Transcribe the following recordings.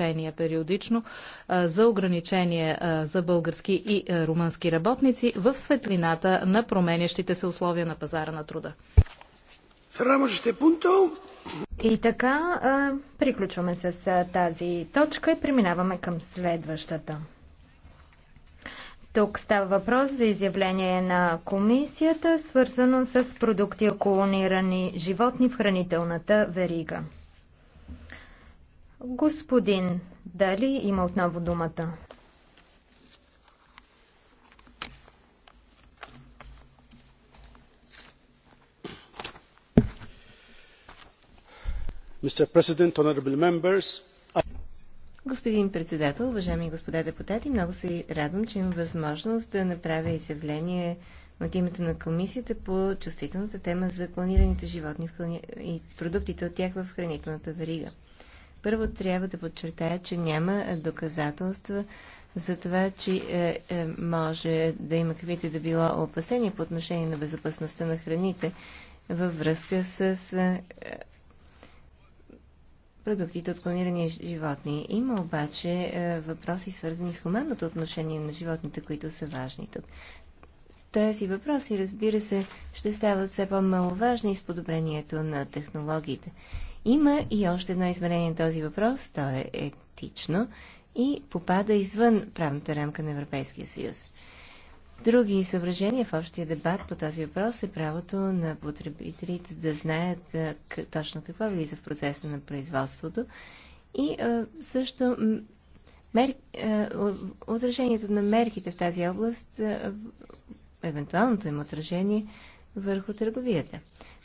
решения периодично за ограничение за български и румънски работници в светлината на променящите се условия на пазара на труда. И така, приключваме с тази точка и преминаваме към следващата. Тук става въпрос за изявление на комисията, свързано с продукти околонирани животни в хранителната верига. Господин Дали има отново думата. Господин председател, уважаеми господа депутати, много се радвам, че имам възможност да направя изявление от името на комисията по чувствителната тема за клонираните животни и продуктите от тях в хранителната верига. Първо трябва да подчертая, че няма доказателства за това, че е, е, може да има каквито да било опасения по отношение на безопасността на храните във връзка с е, продуктите от клонирани животни. Има обаче е, въпроси, свързани с хуманното отношение на животните, които са важни тук. Тези въпроси, разбира се, ще стават все по-маловажни с подобрението на технологиите. Има и още едно измерение на този въпрос, то е етично и попада извън правната рамка на Европейския съюз. Други съображения в общия дебат по този въпрос е правото на потребителите да знаят точно какво влиза в процеса на производството и също мер... отражението на мерките в тази област, евентуалното им отражение върху търговията.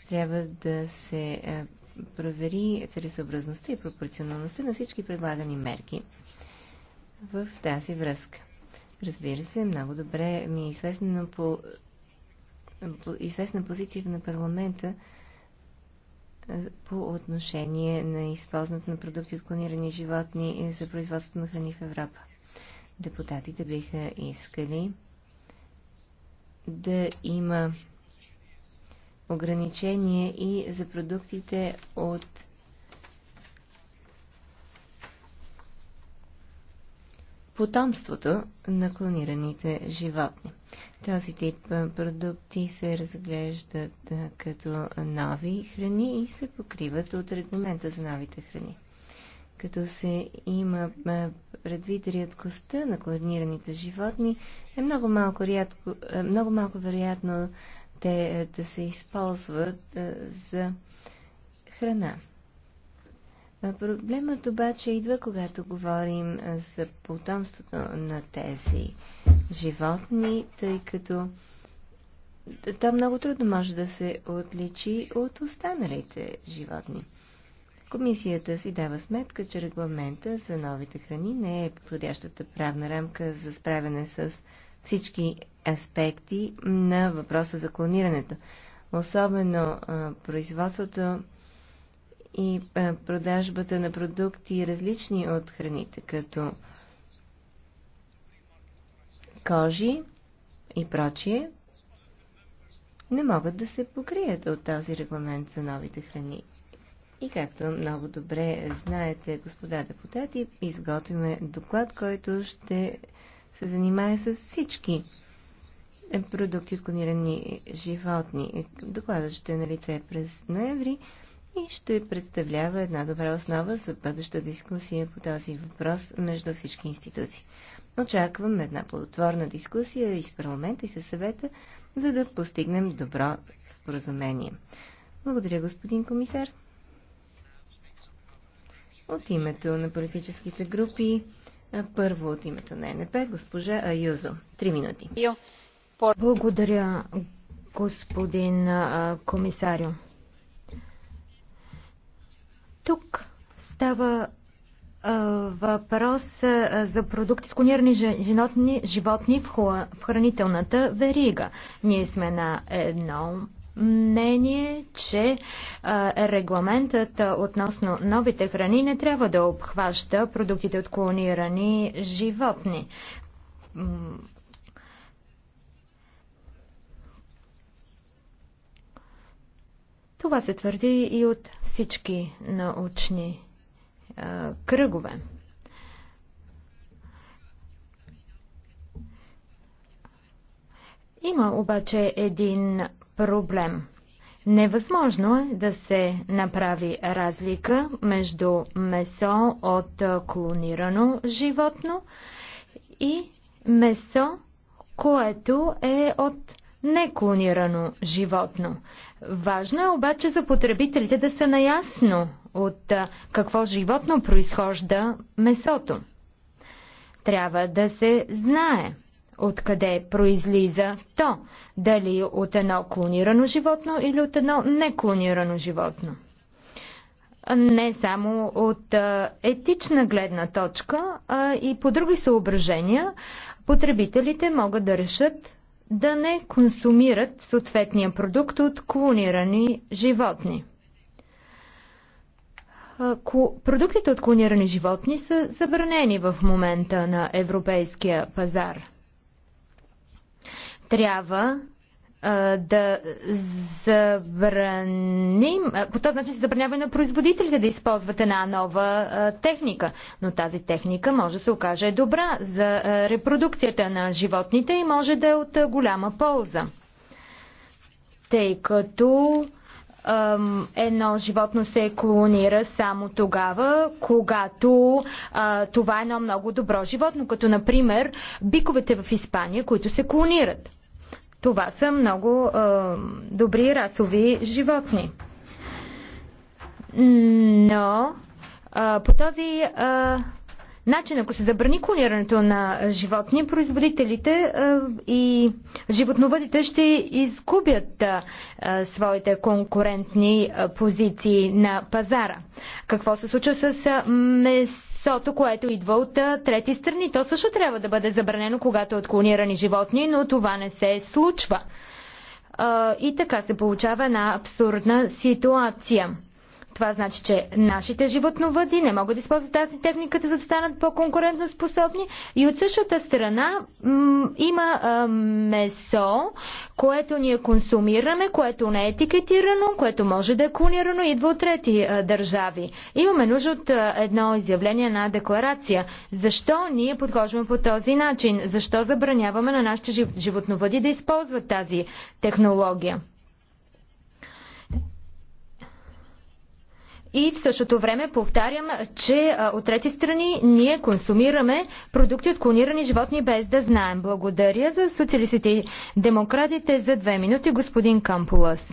Трябва да се провери целесъобразността и пропорционалността на всички предлагани мерки в тази връзка. Разбира се, много добре ми е известна, по, по, известна позиция на парламента по отношение на използването на продукти от клонирани животни за производството на храни в Европа. Депутатите биха искали да има ограничение и за продуктите от потомството на клонираните животни. Този тип продукти се разглеждат като нови храни и се покриват от регламента за новите храни. Като се има предвид рядкостта на клонираните животни, е много малко, рядко, е, много малко вероятно те е, да се използват е, за храна. Проблемът обаче идва, когато говорим е, за потомството на тези животни, тъй като то много трудно може да се отличи от останалите животни. Комисията си дава сметка, че регламента за новите храни не е подходящата правна рамка за справяне с всички аспекти на въпроса за клонирането. Особено производството и продажбата на продукти различни от храните, като кожи и прочие, не могат да се покрият от този регламент за новите храни. И както много добре знаете, господа депутати, изготвяме доклад, който ще се занимае с всички е продукти от клонирани животни. Докладът ще е на лице през ноември и ще представлява една добра основа за бъдеща дискусия по този въпрос между всички институции. Очаквам една плодотворна дискусия и с парламента и с съвета, за да постигнем добро споразумение. Благодаря, господин комисар. От името на политическите групи, първо от името на НП, госпожа Аюзо. Три минути. Благодаря, господин комисарио. Тук става въпрос за продукти с клонирани животни, животни в, хранителната верига. Ние сме на едно мнение, че регламентът относно новите храни не трябва да обхваща продуктите от клонирани животни Това се твърди и от всички научни а, кръгове. Има обаче един проблем. Невъзможно е да се направи разлика между месо от клонирано животно и месо, което е от неклонирано животно. Важно е обаче за потребителите да са наясно от какво животно произхожда месото. Трябва да се знае откъде произлиза то, дали от едно клонирано животно или от едно неклонирано животно. Не само от етична гледна точка, а и по други съображения потребителите могат да решат да не консумират съответния продукт от клонирани животни. Продуктите от клонирани животни са забранени в момента на европейския пазар. Трябва да забраним, по този начин се забранява на производителите да използват една нова техника. Но тази техника може да се окаже добра за репродукцията на животните и може да е от голяма полза. Тъй като едно животно се клонира само тогава, когато а, това е едно много добро животно, като например биковете в Испания, които се клонират. Това са много е, добри расови животни. Но е, по този е, начин, ако се забрани клонирането на животни, производителите е, и животновъдите ще изгубят е, своите конкурентни е, позиции на пазара. Какво се случва с месото, което идва от трети страни? То също трябва да бъде забранено, когато е от клонирани животни, но това не се случва. И така се получава една абсурдна ситуация. Това значи, че нашите животновъди не могат да използват тази техника, за да станат по конкурентоспособни И от същата страна има а, месо, което ние консумираме, което не е етикетирано, което може да е клонирано, идва от трети а, държави. Имаме нужда от а, едно изявление на декларация. Защо ние подхождаме по този начин? Защо забраняваме на нашите животновъди да използват тази технология? И в същото време повтарям, че а, от трети страни ние консумираме продукти от клонирани животни без да знаем. Благодаря за социалистите и демократите за две минути, господин Кампулас.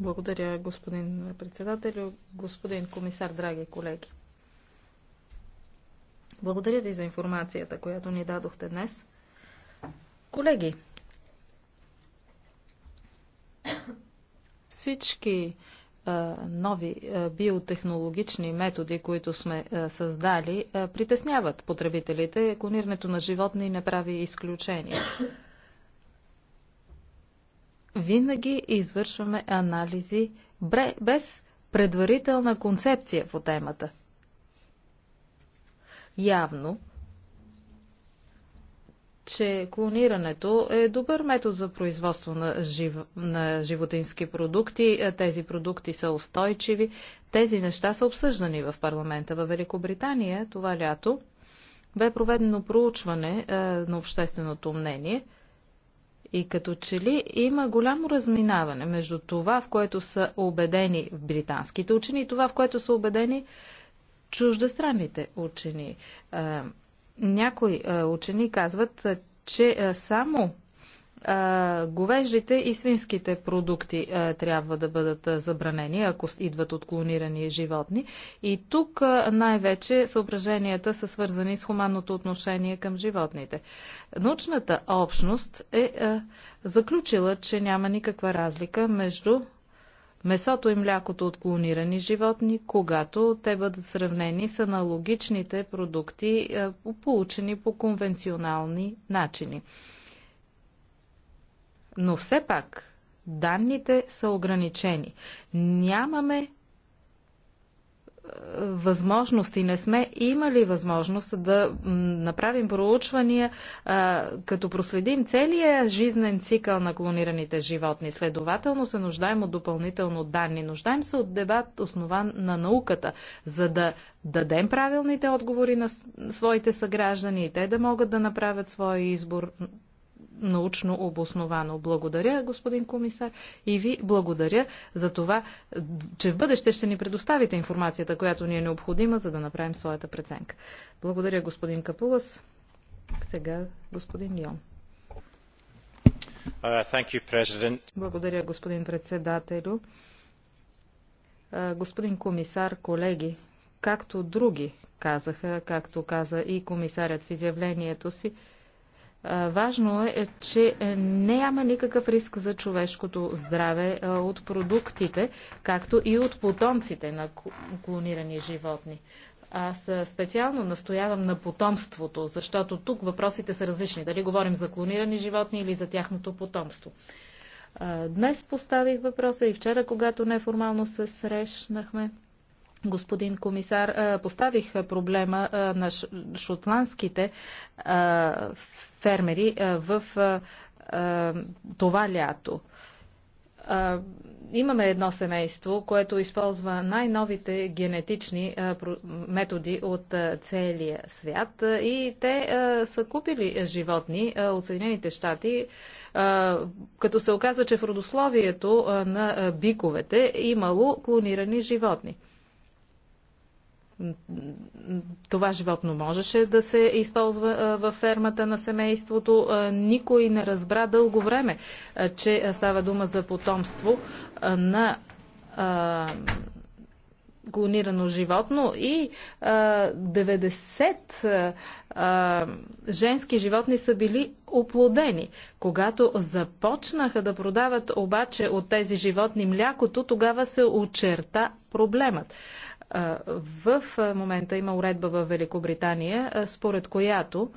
Благодаря, господин председател, господин комисар, драги колеги. Благодаря ви за информацията, която ни дадохте днес. Колеги, всички нови биотехнологични методи, които сме създали, притесняват потребителите. Клонирането на животни не прави изключение. Винаги извършваме анализи без предварителна концепция по темата. Явно че клонирането е добър метод за производство на, жив... на животински продукти. Е, тези продукти са устойчиви. Тези неща са обсъждани в парламента. Във Великобритания това лято бе проведено проучване е, на общественото мнение и като че ли има голямо разминаване между това, в което са убедени британските учени и това, в което са убедени чуждестранните учени. Е, някои е, учени казват, е, че е, само говеждите и свинските продукти трябва да бъдат забранени, ако идват от клонирани животни. И тук най-вече съображенията са свързани с хуманното отношение към животните. Научната общност е заключила, че няма никаква разлика между месото и млякото от клонирани животни, когато те бъдат сравнени с аналогичните продукти, е, получени по конвенционални начини. Но все пак данните са ограничени. Нямаме възможности, не сме имали възможност да направим проучвания, като проследим целия жизнен цикъл на клонираните животни. Следователно се нуждаем от допълнително данни. Нуждаем се от дебат, основан на науката, за да дадем правилните отговори на своите съграждани и те да могат да направят своя избор научно обосновано. Благодаря, господин комисар, и ви благодаря за това, че в бъдеще ще ни предоставите информацията, която ни е необходима, за да направим своята преценка. Благодаря, господин Капулас. Сега господин Йон. Uh, благодаря, господин председателю. Господин комисар, колеги, както други казаха, както каза и комисарят в изявлението си, Важно е, че няма никакъв риск за човешкото здраве от продуктите, както и от потомците на клонирани животни. Аз специално настоявам на потомството, защото тук въпросите са различни. Дали говорим за клонирани животни или за тяхното потомство. Днес поставих въпроса и вчера, когато неформално се срещнахме господин комисар, поставих проблема на шотландските фермери в това лято. Имаме едно семейство, което използва най-новите генетични методи от целия свят и те са купили животни от Съединените щати, като се оказва, че в родословието на биковете имало клонирани животни това животно можеше да се използва във фермата на семейството. Никой не разбра дълго време, че става дума за потомство на клонирано животно и 90 женски животни са били оплодени. Когато започнаха да продават обаче от тези животни млякото, тогава се очерта проблемът. В момента има уредба в Великобритания, според която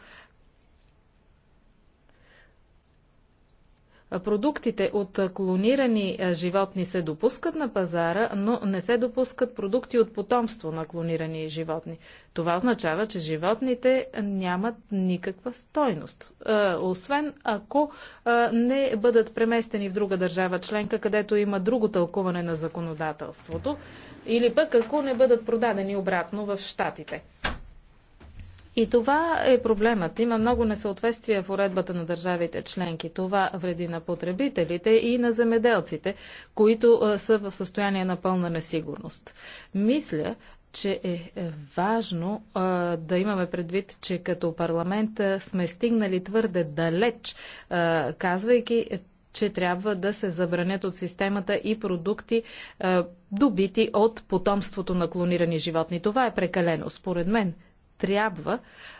Продуктите от клонирани е, животни се допускат на пазара, но не се допускат продукти от потомство на клонирани животни. Това означава, че животните нямат никаква стойност. Е, освен ако е, не бъдат преместени в друга държава членка, където има друго тълкуване на законодателството, или пък ако не бъдат продадени обратно в Штатите. И това е проблемът. Има много несъответствия в уредбата на държавите членки. Това вреди на потребителите и на земеделците, които са в състояние на пълна несигурност. Мисля, че е важно а, да имаме предвид, че като парламент сме стигнали твърде далеч, а, казвайки, че трябва да се забранят от системата и продукти, а, добити от потомството на клонирани животни. Това е прекалено, според мен трябва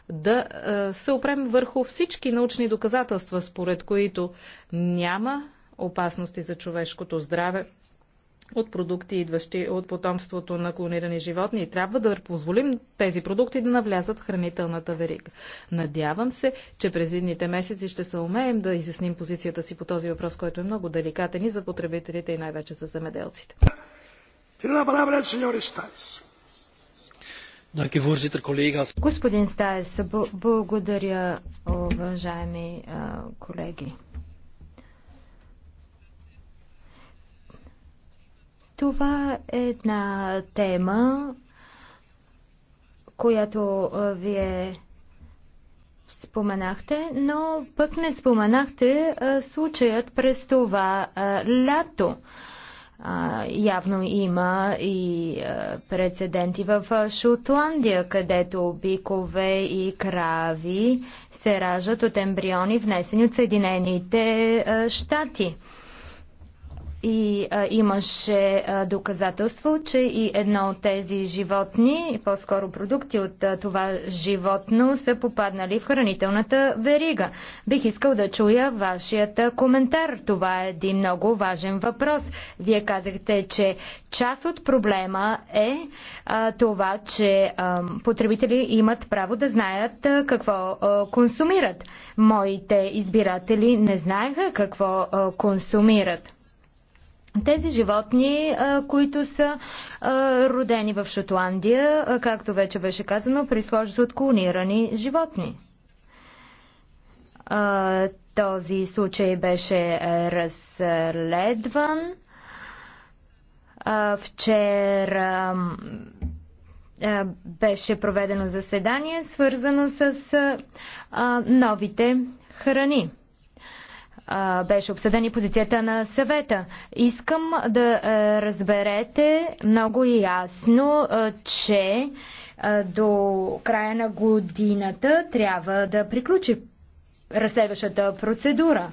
да е, се опрем върху всички научни доказателства, според които няма опасности за човешкото здраве от продукти, идващи от потомството на клонирани животни. И трябва да позволим тези продукти да навлязат в хранителната верига. Надявам се, че през едните месеци ще се умеем да изясним позицията си по този въпрос, който е много деликатен и за потребителите и най-вече за земеделците. Tiene la palabra el señor Господин Стаес, благодаря, уважаеми колеги. Това е една тема, която вие споменахте, но пък не споменахте случаят през това лято. А, явно има и а, е, прецеденти в е, Шотландия, където бикове и крави се раждат от ембриони, внесени от Съединените а, е, щати. И а, имаше а, доказателство, че и едно от тези животни, по-скоро продукти от а, това животно, са попаднали в хранителната верига. Бих искал да чуя вашият коментар. Това е един много важен въпрос. Вие казахте, че част от проблема е а, това, че а, потребители имат право да знаят а, какво а, консумират. Моите избиратели не знаеха какво а, консумират тези животни, които са родени в Шотландия, както вече беше казано, произхождат от клонирани животни. Този случай беше разследван. Вчера беше проведено заседание, свързано с новите храни а, беше обсъдена и позицията на съвета. Искам да а, разберете много ясно, а, че а, до края на годината трябва да приключи разследващата процедура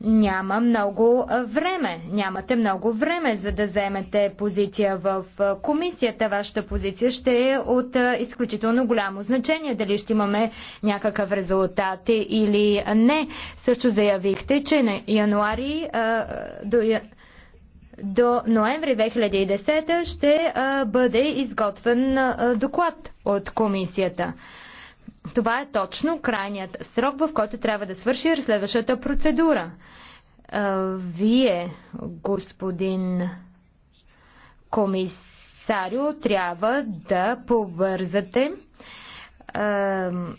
няма много време. Нямате много време, за да вземете позиция в комисията. Вашата позиция ще е от изключително голямо значение, дали ще имаме някакъв резултат или не. Също заявихте, че на януари до до ноември 2010 ще бъде изготвен доклад от комисията това е точно крайният срок, в който трябва да свърши разследващата процедура. Вие, господин комисарио, трябва да побързате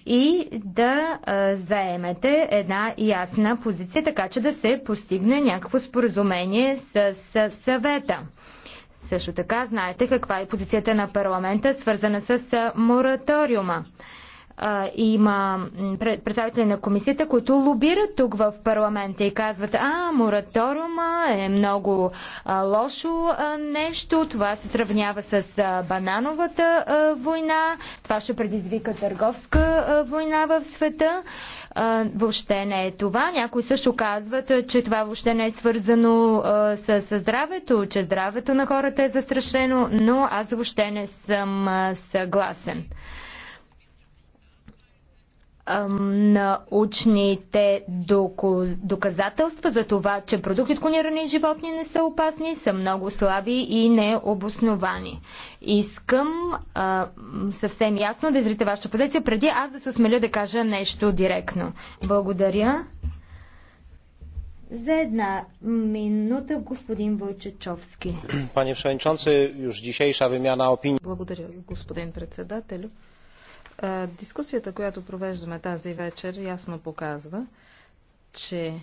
и да заемете една ясна позиция, така че да се постигне някакво споразумение с, с съвета. Също така знаете каква е позицията на парламента, свързана с мораториума а, има представители на комисията, които лобират тук в парламента и казват, а, мораториума е много а, лошо а, нещо, това се сравнява с а, банановата а, война, това ще предизвика търговска а, война в света. А, въобще не е това. Някои също казват, че това въобще не е свързано а, с, с здравето, че здравето на хората е застрашено, но аз въобще не съм а, съгласен научните доказателства за това, че продукти от клонирани животни не са опасни, са много слаби и необосновани. Искам а, съвсем ясно да изрите вашата позиция, преди аз да се осмеля да кажа нещо директно. Благодаря. За една минута господин Войчечовски. Пане Przewodniczący, już dzisiejsza wymiana Благодаря, господин председател. Дискусията, която провеждаме тази вечер, ясно показва, че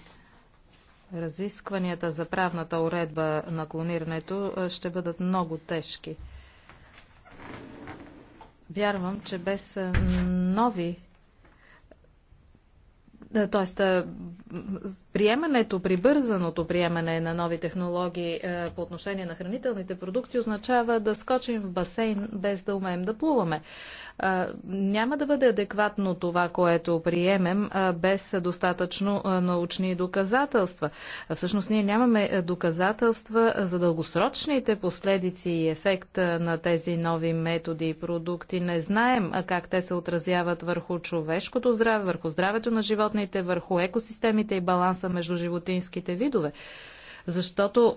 разискванията за правната уредба на клонирането ще бъдат много тежки. Вярвам, че без нови т.е. Е, приемането, прибързаното приемане на нови технологии е, по отношение на хранителните продукти означава да скочим в басейн без да умеем да плуваме. Е, няма да бъде адекватно това, което приемем, без достатъчно научни доказателства. Всъщност, ние нямаме доказателства за дългосрочните последици и ефект на тези нови методи и продукти. Не знаем как те се отразяват върху човешкото здраве, върху здравето на животните животните, върху екосистемите и баланса между животинските видове. Защото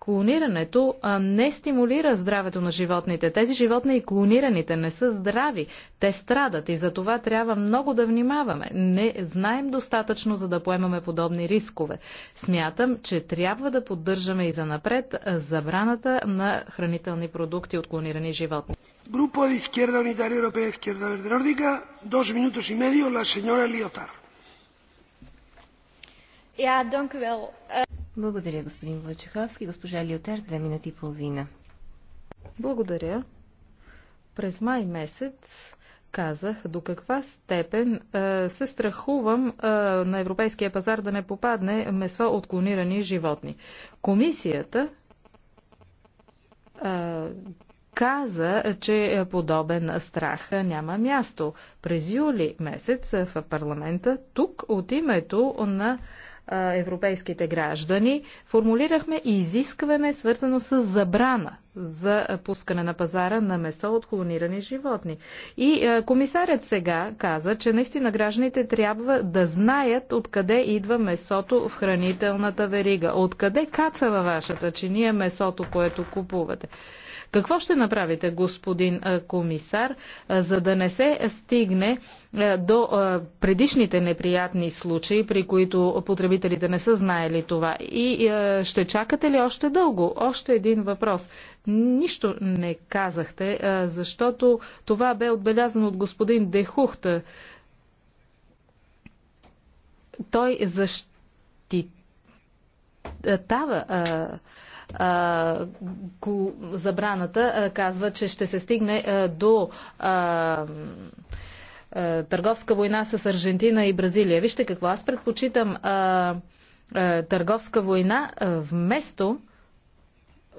клонирането не стимулира здравето на животните. Тези животни и клонираните не са здрави. Те страдат и за това трябва много да внимаваме. Не знаем достатъчно, за да поемаме подобни рискове. Смятам, че трябва да поддържаме и за напред забраната на хранителни продукти от клонирани животни. Група de Izquierda Unitaria Europea Izquierda Verde и dos minutos y medio, Ja, dank u wel. Eh, Благодаря, господин Войчеховски. Госпожа Лиотер, две минути и половина. Благодаря. През май месец казах до каква степен е, се страхувам е, на европейския пазар да не попадне месо от клонирани животни. Комисията е, каза, че е подобен страх няма място. През юли месец в парламента, тук от името на европейските граждани, формулирахме и изискване, свързано с забрана за пускане на пазара на месо от клонирани животни. И комисарят сега каза, че наистина гражданите трябва да знаят откъде идва месото в хранителната верига. Откъде каца във вашата чиния месото, което купувате. Какво ще направите, господин комисар, за да не се стигне до предишните неприятни случаи, при които потребителите не са знаели това? И ще чакате ли още дълго? Още един въпрос. Нищо не казахте, защото това бе отбелязано от господин Дехухта. Той защитава забраната казва, че ще се стигне до търговска война с Аржентина и Бразилия. Вижте какво, аз предпочитам търговска война вместо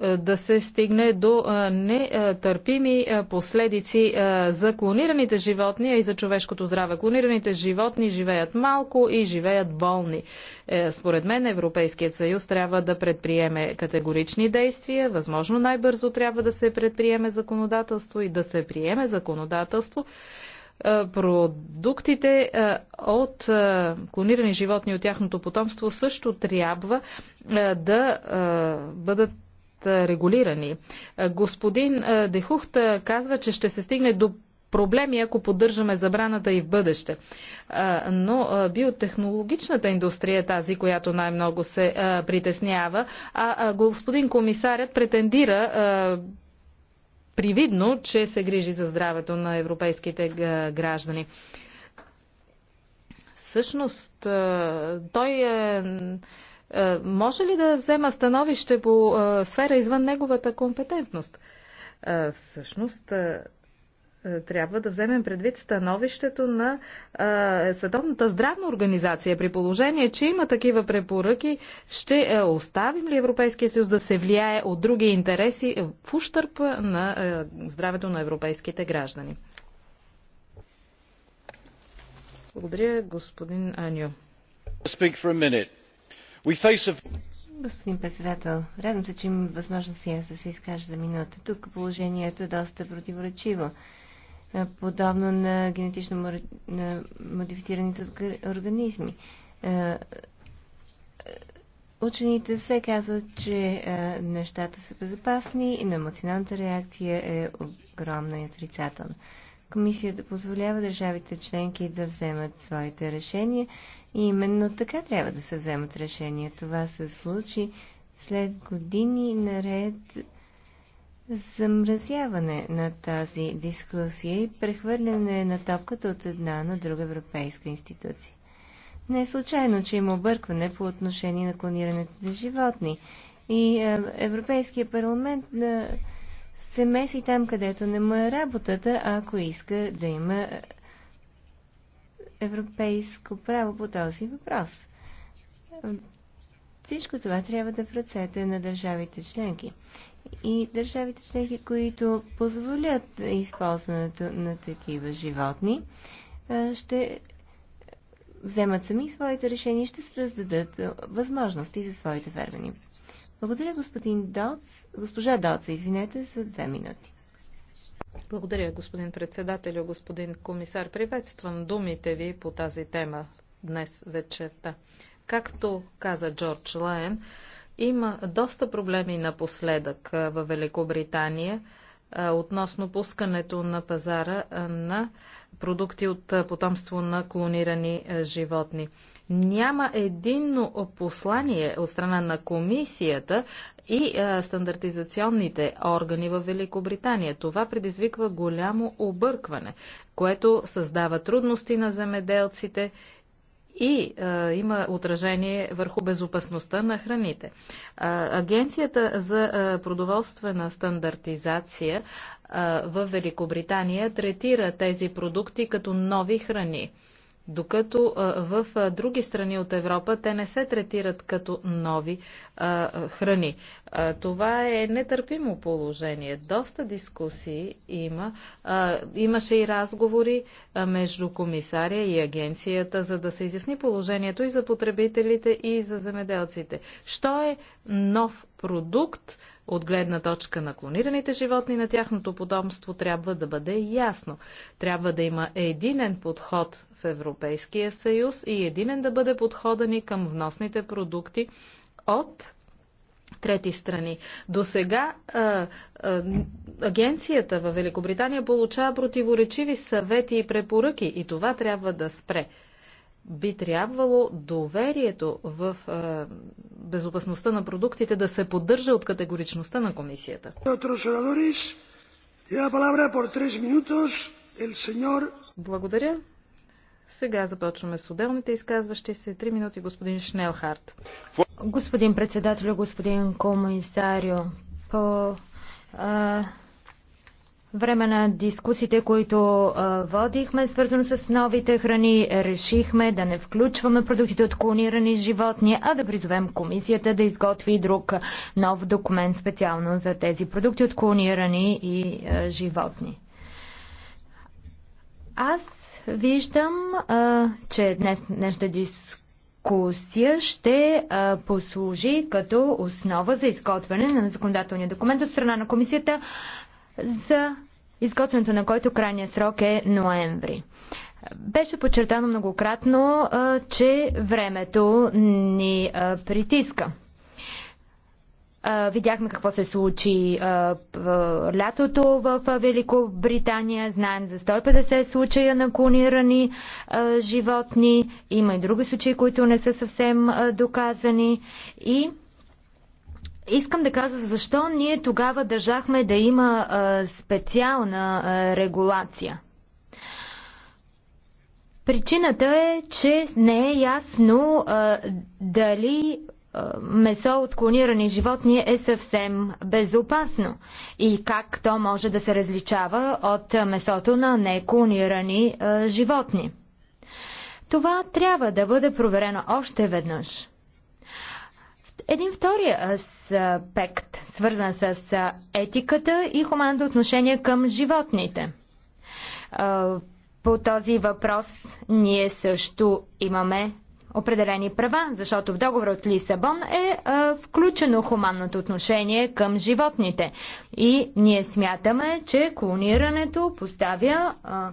е, да се стигне до е, нетърпими е, последици за клонираните животни, а и за човешкото здраве. Клонираните животни живеят малко и живеят болни. Според мен Европейският съюз трябва да предприеме категорични действия, възможно най-бързо трябва да се предприеме законодателство и да се приеме законодателство, продуктите от клонирани животни от тяхното потомство също трябва да бъдат регулирани. Господин Дехухт казва, че ще се стигне до проблеми, ако поддържаме забраната и в бъдеще. Но биотехнологичната индустрия е тази, която най-много се притеснява, а господин комисарят претендира привидно, че се грижи за здравето на европейските граждани. Всъщност, той е е, може ли да взема становище по е, сфера извън неговата компетентност? Е, всъщност, трябва да вземем предвид становището на Световната здравна организация. При положение, че има такива препоръки, ще оставим ли Европейския съюз да се влияе от други интереси в ущърп на здравето на европейските граждани? Благодаря, господин Аню. Господин председател, радвам се, че имам възможност и аз да се изкажа за минута. Тук положението е доста противоречиво. Е, подобно на генетично на модифицираните организми. Е, е, учените все казват, че нещата са безопасни и на емоционалната реакция е огромна и отрицателна. Комисията позволява държавите членки да вземат своите решения и именно така трябва да се вземат решения. Това се случи след години наред замразяване на тази дискусия и прехвърляне на топката от една на друга европейска институция. Не е случайно, че има объркване по отношение на клонирането на животни. И е, Европейския парламент на е, се меси там, където не му е работата, ако иска да има е, европейско право по този въпрос. Всичко това трябва да в ръцете на държавите членки. И държавите членки, които позволят използването на такива животни, е, ще вземат сами своите решения и ще създадат е, възможности за своите фермени благодаря, господин Далц. Госпожа Далца, извинете, за две минути. Благодаря, господин председател, господин комисар. Приветствам думите ви по тази тема днес вечерта. Както каза Джордж Лайен, има доста проблеми напоследък в Великобритания относно пускането на пазара на продукти от потомство на клонирани животни. Няма единно послание от страна на комисията и а, стандартизационните органи в Великобритания. Това предизвиква голямо объркване, което създава трудности на земеделците и а, има отражение върху безопасността на храните. А, Агенцията за а, продоволствена стандартизация а, в Великобритания третира тези продукти като нови храни. Докато в други страни от Европа те не се третират като нови храни. Това е нетърпимо положение. Доста дискусии има. Имаше и разговори между комисаря и агенцията, за да се изясни положението и за потребителите, и за земеделците. Що е нов продукт? от гледна точка на клонираните животни на тяхното подобство трябва да бъде ясно. Трябва да има единен подход в Европейския съюз и единен да бъде подходен и към вносните продукти от трети страни. До сега агенцията в Великобритания получава противоречиви съвети и препоръки и това трябва да спре би трябвало доверието в е, безопасността на продуктите да се поддържа от категоричността на комисията. Благодаря. Сега започваме с отделните изказващи се. Три минути господин Шнелхарт. Господин председател, господин комисарио, по а, време на дискусите, които водихме, свързано с новите храни, решихме да не включваме продуктите от клонирани животни, а да призовем комисията да изготви друг нов документ специално за тези продукти от клонирани и животни. Аз виждам, че днес нещо дискусия дискусия ще а, послужи като основа за изготвяне на законодателния документ от страна на комисията за изготвянето на който крайният срок е ноември. Беше подчертано многократно, че времето ни притиска. Видяхме какво се случи лятото в Великобритания. Знаем за 150 случая на клонирани животни. Има и други случаи, които не са съвсем доказани. И Искам да кажа защо ние тогава държахме да има а, специална а, регулация. Причината е, че не е ясно а, дали месо от клонирани животни е съвсем безопасно и как то може да се различава от месото на неклонирани животни. Това трябва да бъде проверено още веднъж един втори аспект, свързан с етиката и хуманното отношение към животните. По този въпрос ние също имаме определени права, защото в договор от Лисабон е а, включено хуманното отношение към животните. И ние смятаме, че клонирането поставя а,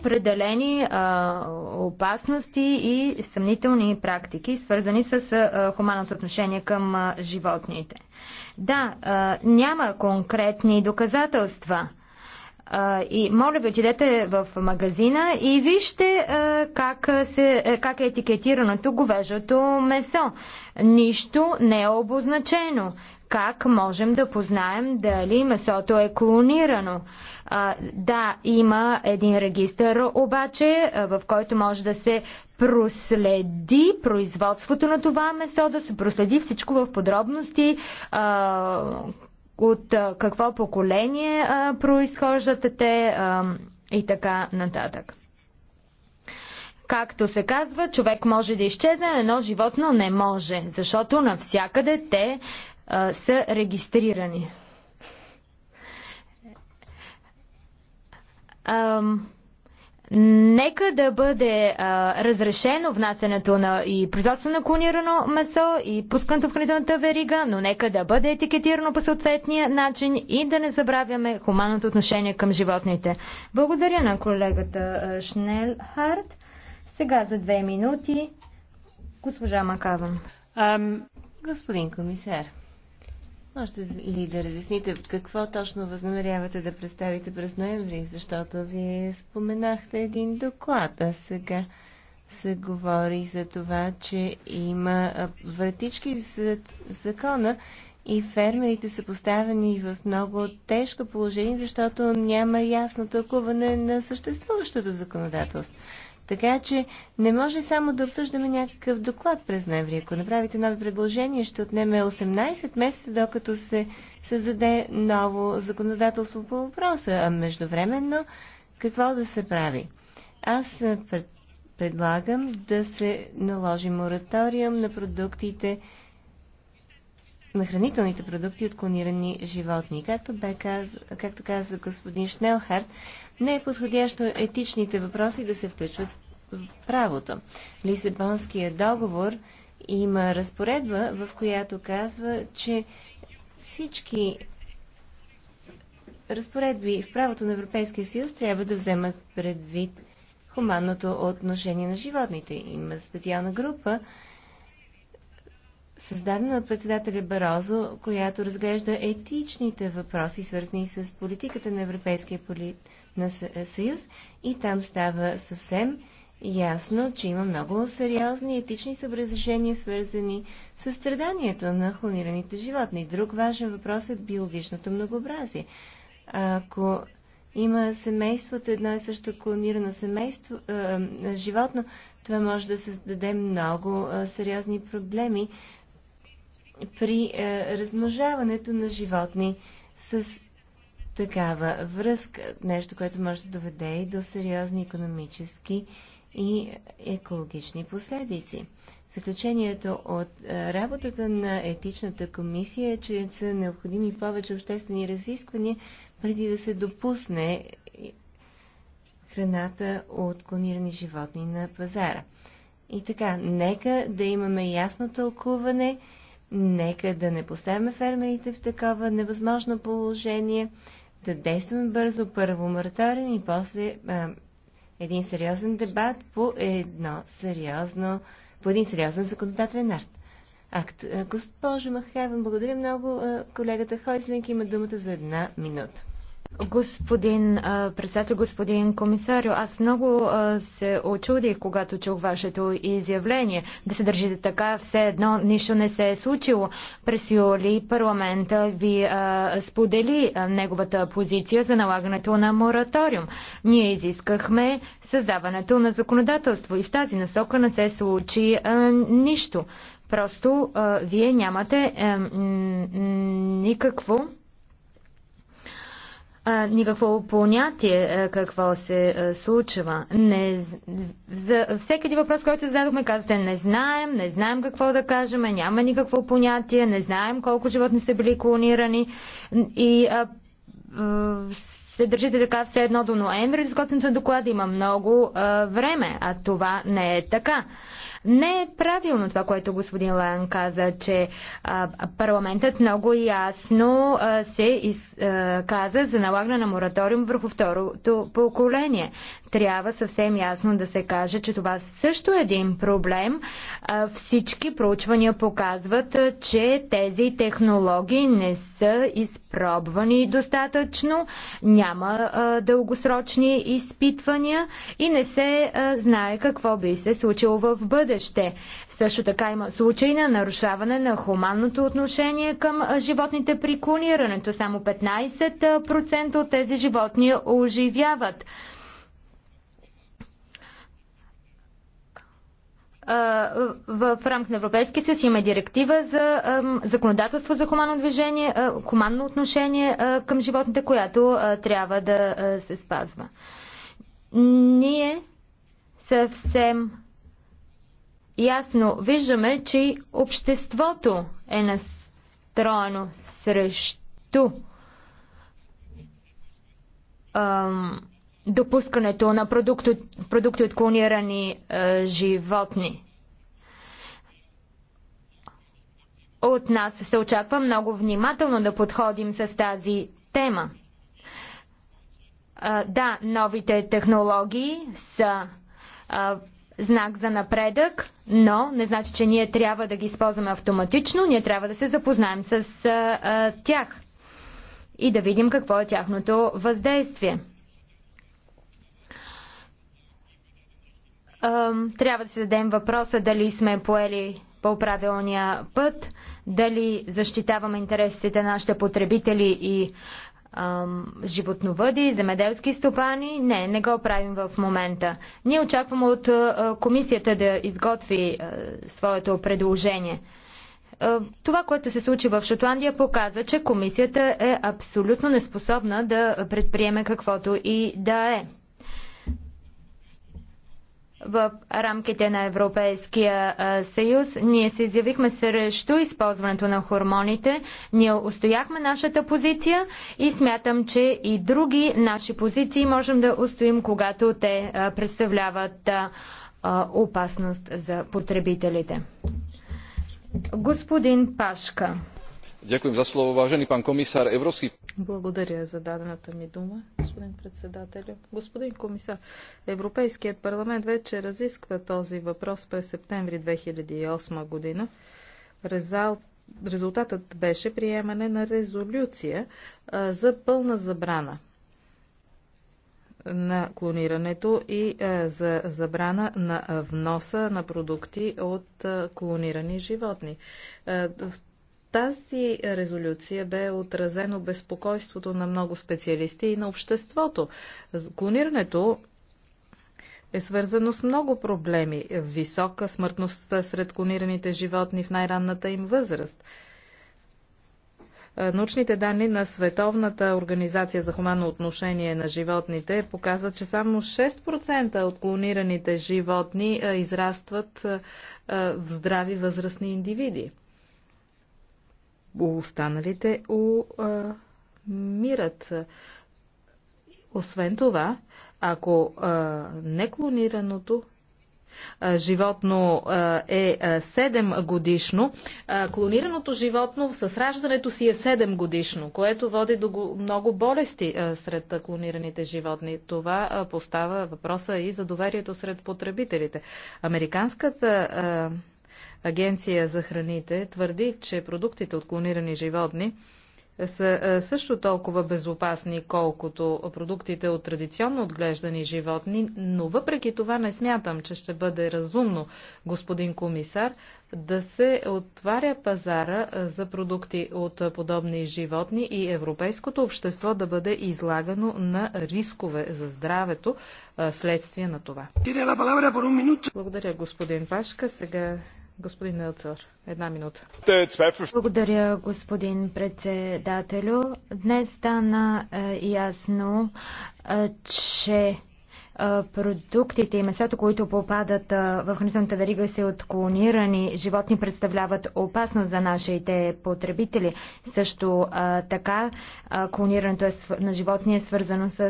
определени а, опасности и съмнителни практики, свързани с а, хуманното отношение към а, животните. Да, а, няма конкретни доказателства и моля ви, отидете в магазина и вижте как, се, е, как е етикетираното говежото месо. Нищо не е обозначено. Как можем да познаем дали месото е клонирано? да, има един регистър, обаче, в който може да се проследи производството на това месо, да се проследи всичко в подробности, от какво поколение произхождат те и така нататък. Както се казва, човек може да изчезне, едно животно не може, защото навсякъде те са регистрирани. Нека да бъде а, разрешено внасянето на и производство на клонирано месо и пускането в хранителната верига, но нека да бъде етикетирано по съответния начин и да не забравяме хуманното отношение към животните. Благодаря на колегата Шнелхарт. Сега за две минути госпожа Макавам. Ам... Господин комисар, Можете ли да разясните какво точно възнамерявате да представите през ноември, защото вие споменахте един доклад, а сега се говори за това, че има вратички в закона и фермерите са поставени в много тежко положение, защото няма ясно тълкуване на съществуващото законодателство. Така че не може само да обсъждаме някакъв доклад през ноември. Ако направите нови предложения, ще отнеме 18 месеца, докато се създаде ново законодателство по въпроса. А междувременно, какво да се прави? Аз пред, предлагам да се наложи мораториум на продуктите, на хранителните продукти от клонирани животни. Както, бе каз... Както каза господин Шнелхарт, не е подходящо етичните въпроси да се включват в правото. Лисабонския договор има разпоредба, в която казва, че всички разпоредби в правото на Европейския съюз трябва да вземат предвид хуманното отношение на животните. Има специална група създадена от председателя Барозо, която разглежда етичните въпроси, свързани с политиката на Европейския поли... на съюз и там става съвсем ясно, че има много сериозни етични съображения, свързани с страданието на хлонираните животни. Друг важен въпрос е биологичното многообразие. Ако има семейството, едно и също клонирано семейство, е, е, животно, това може да създаде много е, сериозни проблеми при е, размножаването на животни с такава връзка, нещо, което може да доведе и до сериозни економически и екологични последици. Заключението от е, работата на етичната комисия е, че са необходими повече обществени разисквания, преди да се допусне храната от клонирани животни на пазара. И така, нека да имаме ясно тълкуване Нека да не поставяме фермерите в такова невъзможно положение, да действаме бързо, първо мораториум и после а, един сериозен дебат по едно сериозно, по един сериозен законодателен арт. Акт. Госпожо Махавен, благодаря много. Колегата Хойслинг има думата за една минута. Господин председател, господин комисар, аз много се очудих, когато чух вашето изявление. Да се държите така, все едно нищо не се е случило. През юли парламента ви а, сподели неговата позиция за налагането на мораториум. Ние изискахме създаването на законодателство и в тази насока не се случи а, нищо. Просто а, вие нямате а, никакво никакво понятие какво се случва. Не, за всеки един въпрос, който зададохме, казате не знаем, не знаем какво да кажем, няма никакво понятие, не знаем колко животни са били клонирани и а, а, се държите така все едно до ноември, изготвянето на доклада има много а, време, а това не е така. Не е правилно това, което господин Лан каза, че а, парламентът много ясно а, се из, а, каза за налагане на мораториум върху второто поколение. Трябва съвсем ясно да се каже, че това също е един проблем. А, всички проучвания показват, а, че тези технологии не са изпълнени изпробвани достатъчно, няма а, дългосрочни изпитвания и не се а, знае какво би се случило в бъдеще. Също така има случаи на нарушаване на хуманното отношение към животните при клонирането. Само 15% от тези животни оживяват. в рамките на Европейския съюз има директива за законодателство за хуманно движение, хуманно отношение към животните, която трябва да се спазва. Ние съвсем ясно виждаме, че обществото е настроено срещу допускането на продукти, продукти от клонирани е, животни. От нас се очаква много внимателно да подходим с тази тема. Е, да, новите технологии са е, знак за напредък, но не значи, че ние трябва да ги използваме автоматично, ние трябва да се запознаем с е, е, тях и да видим какво е тяхното въздействие. трябва да си дадем въпроса дали сме поели по правилния път, дали защитаваме интересите на нашите потребители и животновъди, земеделски стопани. Не, не го правим в момента. Ние очакваме от комисията да изготви своето предложение. Това, което се случи в Шотландия, показа, че комисията е абсолютно неспособна да предприеме каквото и да е в рамките на Европейския съюз. Ние се изявихме срещу използването на хормоните. Ние устояхме нашата позиция и смятам, че и други наши позиции можем да устоим, когато те представляват опасност за потребителите. Господин Пашка. Благодаря за дадената ми дума, господин председател. Господин комисар, Европейският парламент вече разисква този въпрос през септември 2008 година. Резал... Резултатът беше приемане на резолюция а, за пълна забрана на клонирането и а, за забрана на вноса на продукти от а, клонирани животни. В тази резолюция бе отразено безпокойството на много специалисти и на обществото. Клонирането е свързано с много проблеми. Висока смъртността сред клонираните животни в най-ранната им възраст. Научните данни на Световната организация за хуманно отношение на животните показват, че само 6% от клонираните животни израстват в здрави възрастни индивиди останалите умират. Освен това, ако неклонираното животно е 7 годишно. Клонираното животно с раждането си е 7 годишно, което води до много болести сред клонираните животни. Това постава въпроса и за доверието сред потребителите. Американската агенция за храните твърди, че продуктите от клонирани животни са също толкова безопасни, колкото продуктите от традиционно отглеждани животни, но въпреки това не смятам, че ще бъде разумно, господин комисар, да се отваря пазара за продукти от подобни животни и европейското общество да бъде излагано на рискове за здравето следствие на това. Благодаря, господин Пашка. Сега Господин Нелцър, една минута. Благодаря, господин председателю. Днес стана е, ясно, е, че е, продуктите и месото, които попадат е, в хранителната верига се от клонирани животни представляват опасност за нашите потребители. Също е, така клонирането е, на животни е свързано с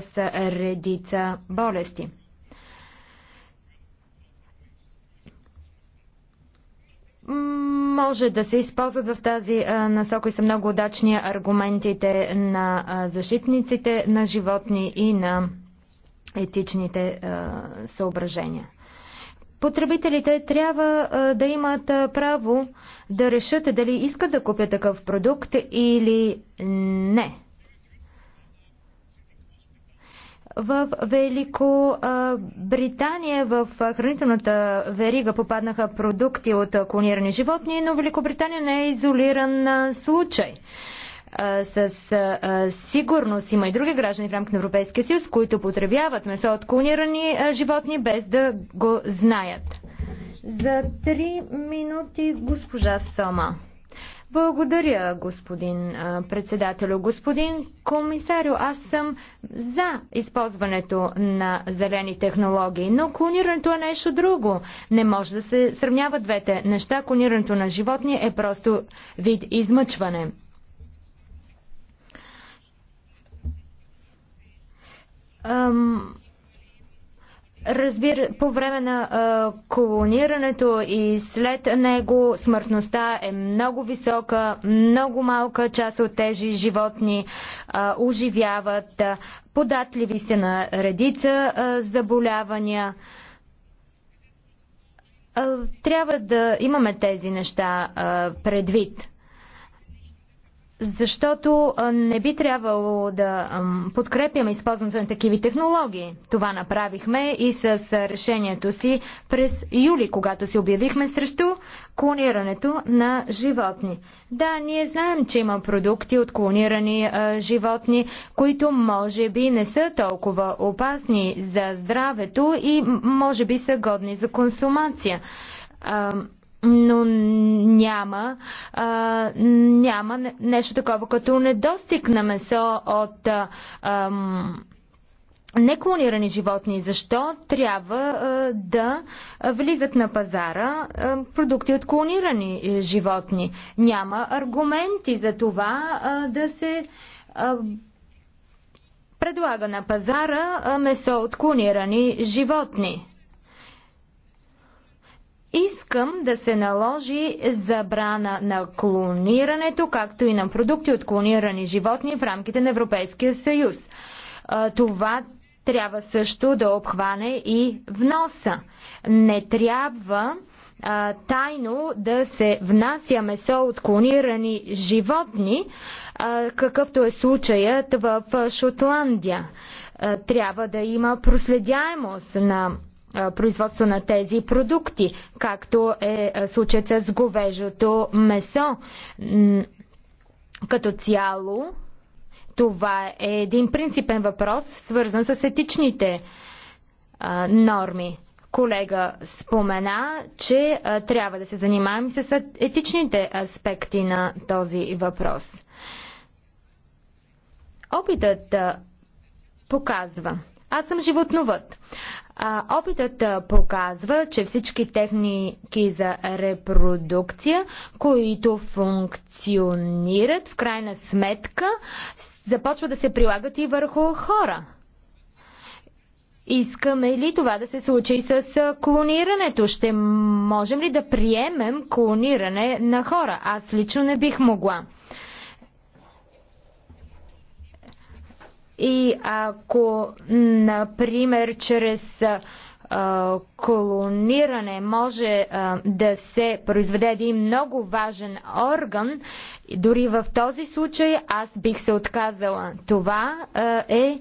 редица болести. може да се използват в тази насока и са много удачни аргументите на защитниците на животни и на етичните съображения. Потребителите трябва да имат право да решат дали искат да купят такъв продукт или не. В Великобритания в хранителната верига попаднаха продукти от клонирани животни, но Великобритания не е изолиран случай. С сигурност има и други граждани в рамките на Европейския съюз, които потребяват месо от клонирани животни без да го знаят. За три минути госпожа Сома. Благодаря, господин председател, Господин комисарио, аз съм за използването на зелени технологии, но клонирането е нещо друго. Не може да се сравняват двете неща. Клонирането на животни е просто вид измъчване. Ам... Разбира, по време на а, колонирането и след него смъртността е много висока, много малка част от тези животни а, оживяват, а, податливи се на редица а, заболявания. А, трябва да имаме тези неща а, предвид защото не би трябвало да подкрепяме използването на такива технологии. Това направихме и с решението си през юли, когато се обявихме срещу клонирането на животни. Да, ние знаем, че има продукти от клонирани а, животни, които може би не са толкова опасни за здравето и може би са годни за консумация. А, но няма, а, няма нещо такова като недостиг на месо от а, ам, неклонирани животни. Защо трябва а, да влизат на пазара а, продукти от клонирани е, животни? Няма аргументи за това а, да се. А, предлага на пазара месо от клонирани животни. Искам да се наложи забрана на клонирането, както и на продукти от клонирани животни в рамките на Европейския съюз. Това трябва също да обхване и вноса. Не трябва а, тайно да се внася месо от клонирани животни, а, какъвто е случаят в Шотландия. А, трябва да има проследяемост на производство на тези продукти, както е случаят с говежото месо. Като цяло, това е един принципен въпрос, свързан с етичните норми. Колега спомена, че трябва да се занимаваме с етичните аспекти на този въпрос. Опитът показва. Аз съм животновът. А, опитът показва, че всички техники за репродукция, които функционират в крайна сметка, започват да се прилагат и върху хора. Искаме ли това да се случи с клонирането? Ще можем ли да приемем клониране на хора? Аз лично не бих могла. И ако, например, чрез колониране може да се произведе един много важен орган. Дори в този случай аз бих се отказала. Това е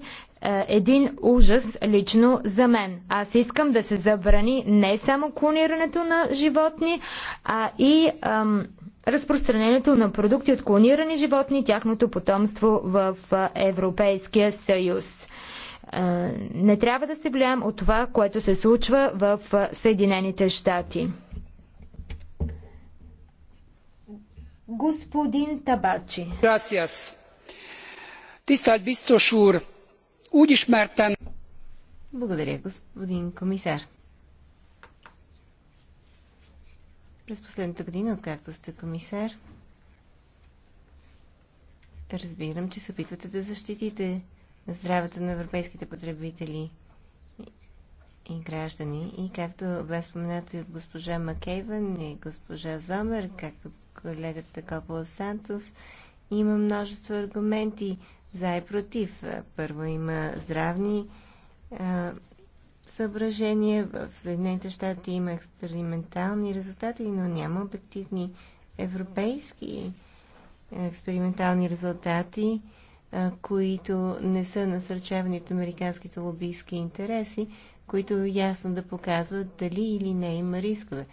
един ужас лично за мен. Аз искам да се забрани не само клонирането на животни, а и ам, разпространението на продукти от клонирани животни и тяхното потомство в Европейския съюз. Не трябва да се влияем от това, което се случва в Съединените щати. Господин Табачи. Грасиас. Tisztelt biztos Благодаря, господин комисар. През последната година, откакто сте комисар, разбирам, че се опитвате да защитите здравето на европейските потребители и граждани. И както бе споменато и от госпожа Макейвен и госпожа Зомер, както колегата Копол Сантос, има множество аргументи за и против. Първо има здравни Съображение, В Съединените щати има експериментални резултати, но няма обективни европейски е, експериментални резултати, е, които не са насърчавани от американските лобийски интереси, които ясно да показват дали или не има рискове.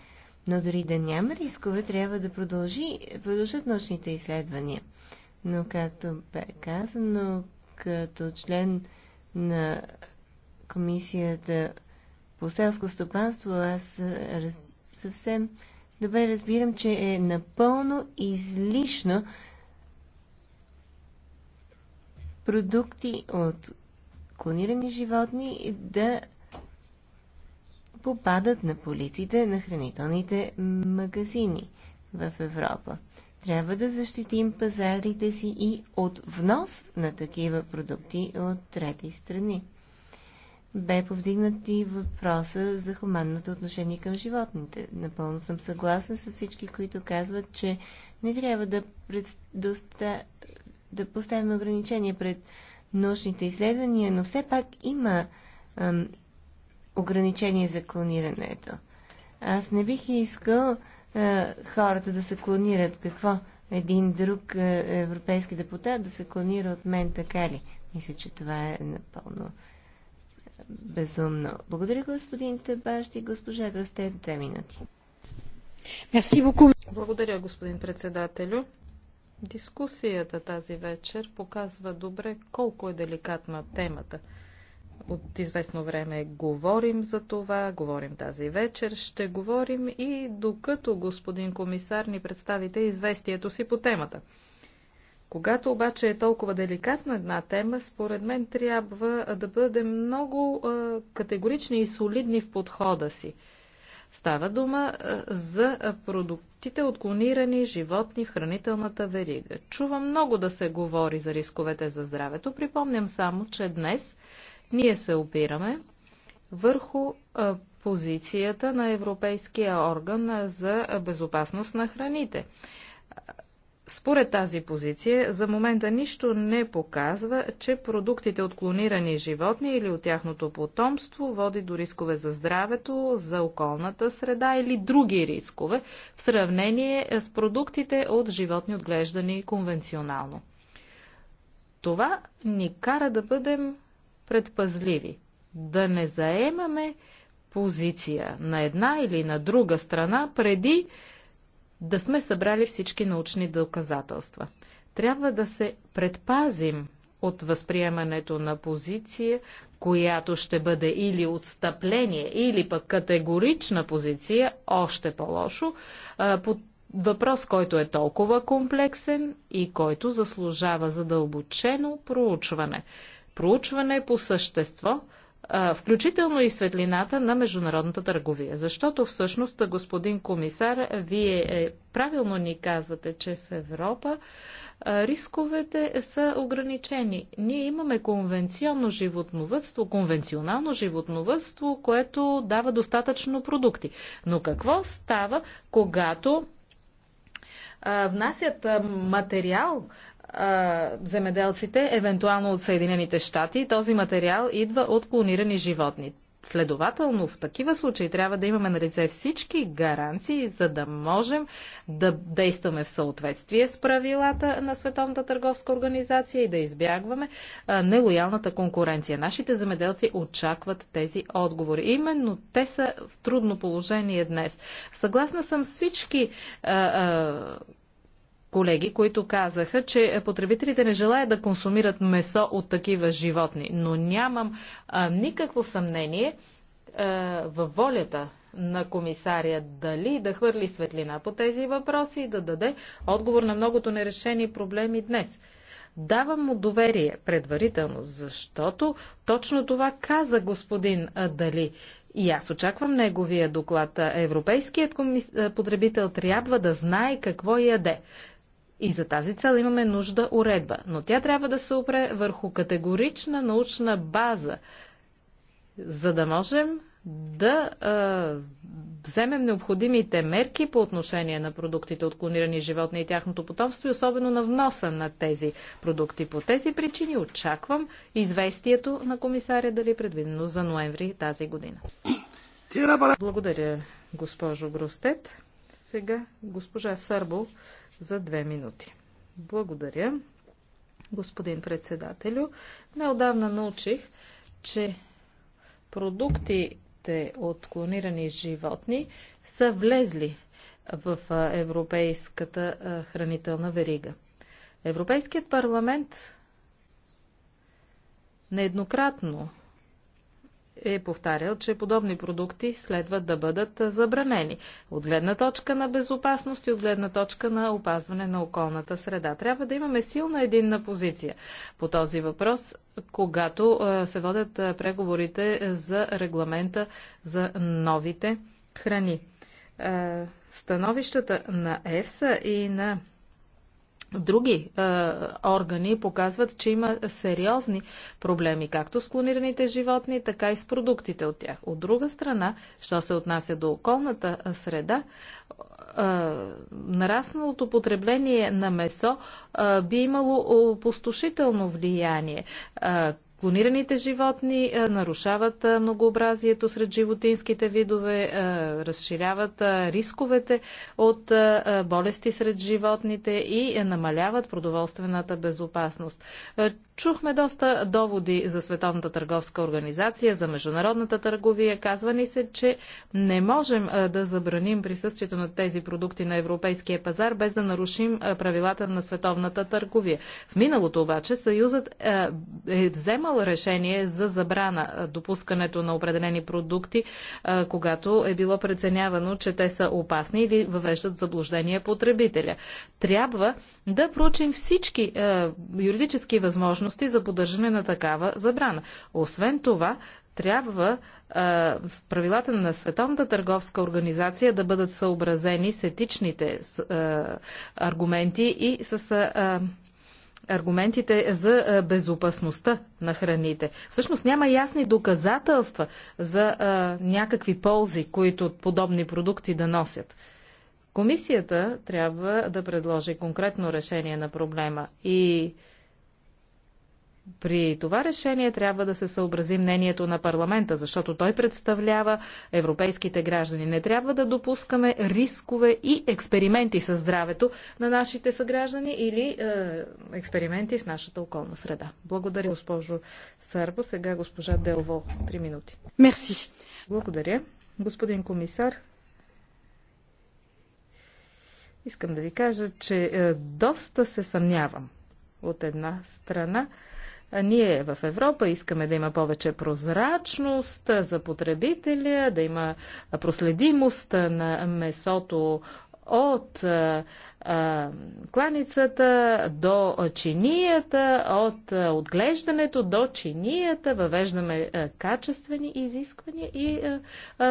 Но дори да няма рискове, трябва да продължи, продължат научните изследвания. Но както бе казано, като член на комисията по селско стопанство, аз съвсем добре разбирам, че е напълно излишно продукти от клонирани животни да попадат на полиците на хранителните магазини в Европа. Трябва да защитим пазарите си и от внос на такива продукти от трети страни бе повдигнат и въпроса за хуманното отношение към животните. Напълно съм съгласна с всички, които казват, че не трябва да, пред... доста... да поставим ограничения пред научните изследвания, но все пак има ам, ограничения за клонирането. Аз не бих искал а, хората да се клонират. Какво? Един друг а, европейски депутат да се клонира от мен, така ли? Мисля, че това е напълно безумно. Благодаря господин Тебаш и госпожа Грасте. Две минути. Благодаря, господин председателю. Дискусията тази вечер показва добре колко е деликатна темата. От известно време говорим за това, говорим тази вечер, ще говорим и докато господин комисар ни представите известието си по темата. Когато обаче е толкова деликатна една тема, според мен трябва да бъдем много категорични и солидни в подхода си. Става дума за продуктите от клонирани животни в хранителната верига. Чувам много да се говори за рисковете за здравето. Припомням само, че днес ние се опираме върху позицията на Европейския орган за безопасност на храните. Според тази позиция, за момента нищо не показва, че продуктите от клонирани животни или от тяхното потомство води до рискове за здравето, за околната среда или други рискове в сравнение с продуктите от животни отглеждани конвенционално. Това ни кара да бъдем предпазливи, да не заемаме позиция на една или на друга страна преди да сме събрали всички научни доказателства. Трябва да се предпазим от възприемането на позиция, която ще бъде или отстъпление, или пък категорична позиция, още по-лошо, под въпрос, който е толкова комплексен и който заслужава задълбочено проучване. Проучване по същество – включително и светлината на международната търговия. Защото всъщност, господин комисар, вие е, правилно ни казвате, че в Европа рисковете са ограничени. Ние имаме конвенционно животновътство, конвенционално животновътство, което дава достатъчно продукти. Но какво става, когато внасят материал земеделците, евентуално от Съединените щати. Този материал идва от клонирани животни. Следователно, в такива случаи трябва да имаме на лице всички гаранции, за да можем да действаме в съответствие с правилата на Световната търговска организация и да избягваме а, нелоялната конкуренция. Нашите земеделци очакват тези отговори. Именно те са в трудно положение днес. Съгласна съм всички. А, а, колеги, които казаха, че потребителите не желаят да консумират месо от такива животни. Но нямам а, никакво съмнение а, във волята на комисаря дали да хвърли светлина по тези въпроси и да даде отговор на многото нерешени проблеми днес. Давам му доверие предварително, защото точно това каза господин Дали. И аз очаквам неговия доклад. Европейският потребител трябва да знае какво яде. И за тази цел имаме нужда уредба, но тя трябва да се опре върху категорична научна база, за да можем да а, вземем необходимите мерки по отношение на продуктите от клонирани животни и тяхното потомство и особено на вноса на тези продукти. По тези причини очаквам известието на комисаря дали предвидено за ноември тази година. Благодаря, госпожо Гростет. Сега госпожа Сърбо за две минути. Благодаря, господин председателю. Неодавна научих, че продуктите от клонирани животни са влезли в европейската хранителна верига. Европейският парламент нееднократно е повтарял, че подобни продукти следва да бъдат забранени от гледна точка на безопасност и от гледна точка на опазване на околната среда. Трябва да имаме силна единна позиция по този въпрос, когато се водят преговорите за регламента за новите храни. Становищата на ЕФСА и на други е, органи показват, че има сериозни проблеми както с клонираните животни, така и с продуктите от тях. От друга страна, що се отнася до околната е, среда, е, нарасналото потребление на месо е, би имало опустошително влияние. Е, Клонираните животни е, нарушават е, многообразието сред животинските видове, е, разширяват рисковете от болести сред животните и намаляват продоволствената безопасност. Чухме доста доводи за Световната търговска организация, за международната търговия. Казва ни се, че не можем да забраним присъствието на тези продукти на европейския пазар, без да нарушим правилата на световната търговия. В миналото обаче Съюзът е вземал решение за забрана допускането на определени продукти, когато е било преценявано, че те са опасни или въвеждат заблуждение потребителя. Трябва да проучим всички юридически възможности възможности за поддържане на такава забрана. Освен това, трябва а, правилата на Световната търговска организация да бъдат съобразени с етичните а, аргументи и с. А, аргументите за безопасността на храните. Всъщност няма ясни доказателства за а, някакви ползи, които подобни продукти да носят. Комисията трябва да предложи конкретно решение на проблема и при това решение трябва да се съобрази мнението на парламента, защото той представлява европейските граждани. Не трябва да допускаме рискове и експерименти с здравето на нашите съграждани или е, експерименти с нашата околна среда. Благодаря, госпожо Сърбо. Сега госпожа Делво. Три минути. Мерси. Благодаря. Господин комисар, искам да ви кажа, че е, доста се съмнявам от една страна. Ние в Европа искаме да има повече прозрачност за потребителя, да има проследимост на месото от а, кланицата до чинията, от отглеждането до чинията, въвеждаме а, качествени изисквания и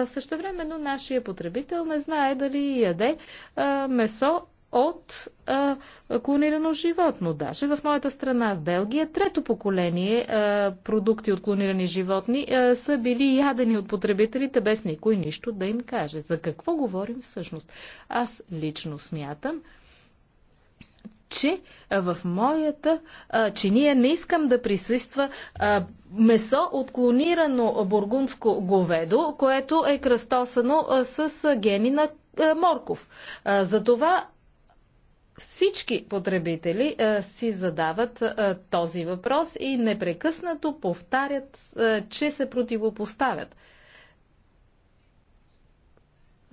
също времено нашия потребител не знае дали яде а, месо от а, клонирано животно. Даже в моята страна, в Белгия, трето поколение а, продукти от клонирани животни а, са били ядени от потребителите без никой нищо да им каже. За какво говорим всъщност? Аз лично смятам, че в моята, а, чиния не искам да присъства а, месо от клонирано бургундско говедо, което е кръстосано а, с гени на Морков. Затова всички потребители а, е, си задават а, е, този въпрос и непрекъснато повтарят, а, е, че се противопоставят.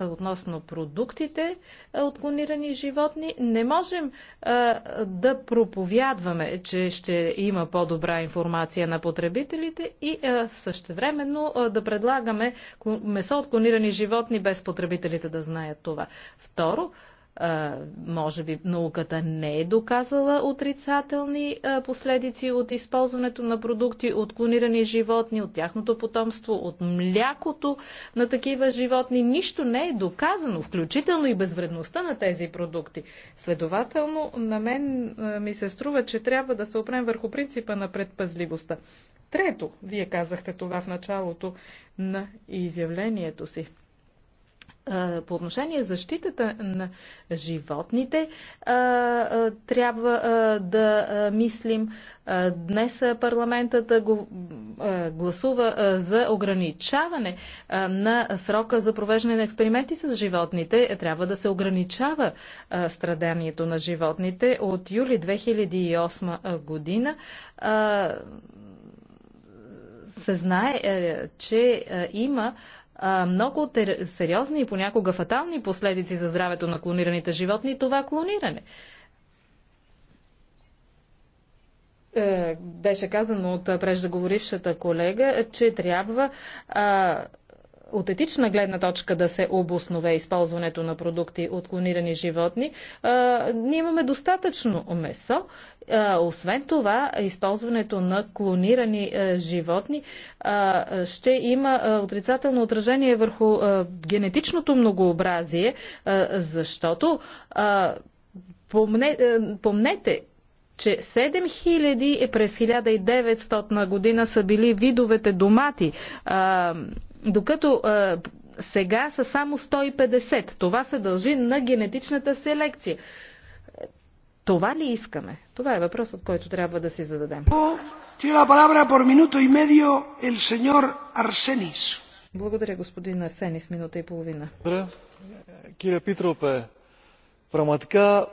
Относно продуктите от клонирани животни, не можем а, да проповядваме, че ще има по-добра информация на потребителите и а, същевременно а, да предлагаме месо от клонирани животни без потребителите да знаят това. Второ, а, може би науката не е доказала отрицателни последици от използването на продукти от клонирани животни, от тяхното потомство, от млякото на такива животни. Нищо не е доказано, включително и безвредността на тези продукти. Следователно, на мен ми се струва, че трябва да се опрем върху принципа на предпазливостта. Трето, вие казахте това в началото на изявлението си по отношение защитата на животните трябва да мислим. Днес парламентът гласува за ограничаване на срока за провеждане на експерименти с животните. Е, трябва да се ограничава страданието на животните. От юли 2008 година се знае, е, че има много сериозни и понякога фатални последици за здравето на клонираните животни това клониране. Е, беше казано от преждеговорившата колега, че трябва от етична гледна точка да се обоснове използването на продукти от клонирани животни, ние имаме достатъчно месо. Освен това, използването на клонирани животни ще има отрицателно отражение върху генетичното многообразие, защото помнете, че 7000 през 1900 година са били видовете домати докато а, сега са само 150. Това се дължи на генетичната селекция. Това ли искаме? Това е въпросът, който трябва да си зададем. Благодаря, господин Арсенис. Минута и половина. Благодаря. Кире Питропе, Πραγματικά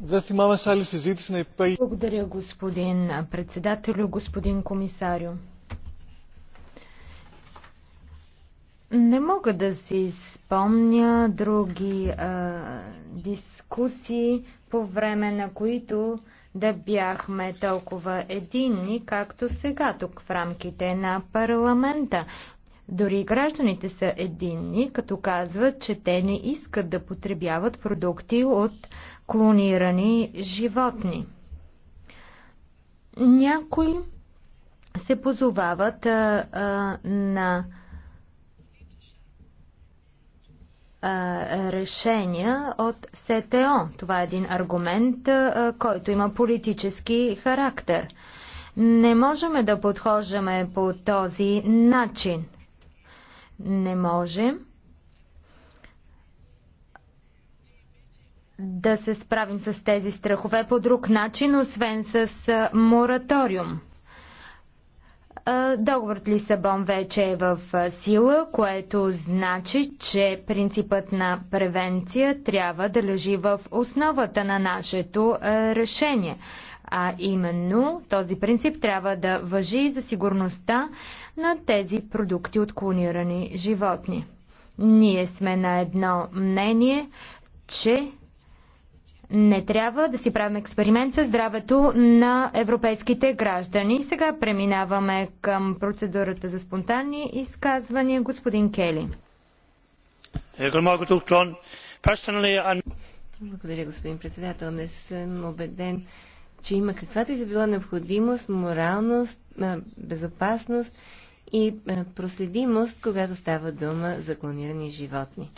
δεν имаме сали άλλη συζήτηση Благодаря, господин председателю, господин комисарио. Не мога да си спомня други а, дискусии, по време на които да бяхме толкова единни, както сега тук в рамките на парламента. Дори гражданите са единни, като казват, че те не искат да потребяват продукти от клонирани животни. Някои се позовават а, а, на решения от СТО. Това е един аргумент, който има политически характер. Не можем да подхождаме по този начин. Не можем да се справим с тези страхове по друг начин, освен с мораториум. Договорът Лисабон вече е в сила, което значи, че принципът на превенция трябва да лежи в основата на нашето решение. А именно този принцип трябва да въжи за сигурността на тези продукти от клонирани животни. Ние сме на едно мнение, че не трябва да си правим експеримент с здравето на европейските граждани. Сега преминаваме към процедурата за спонтанни изказвания. Господин Кели. Благодаря, господин председател. Не съм убеден, че има каквато и да била необходимост, моралност, безопасност и проследимост, когато става дума за клонирани животни.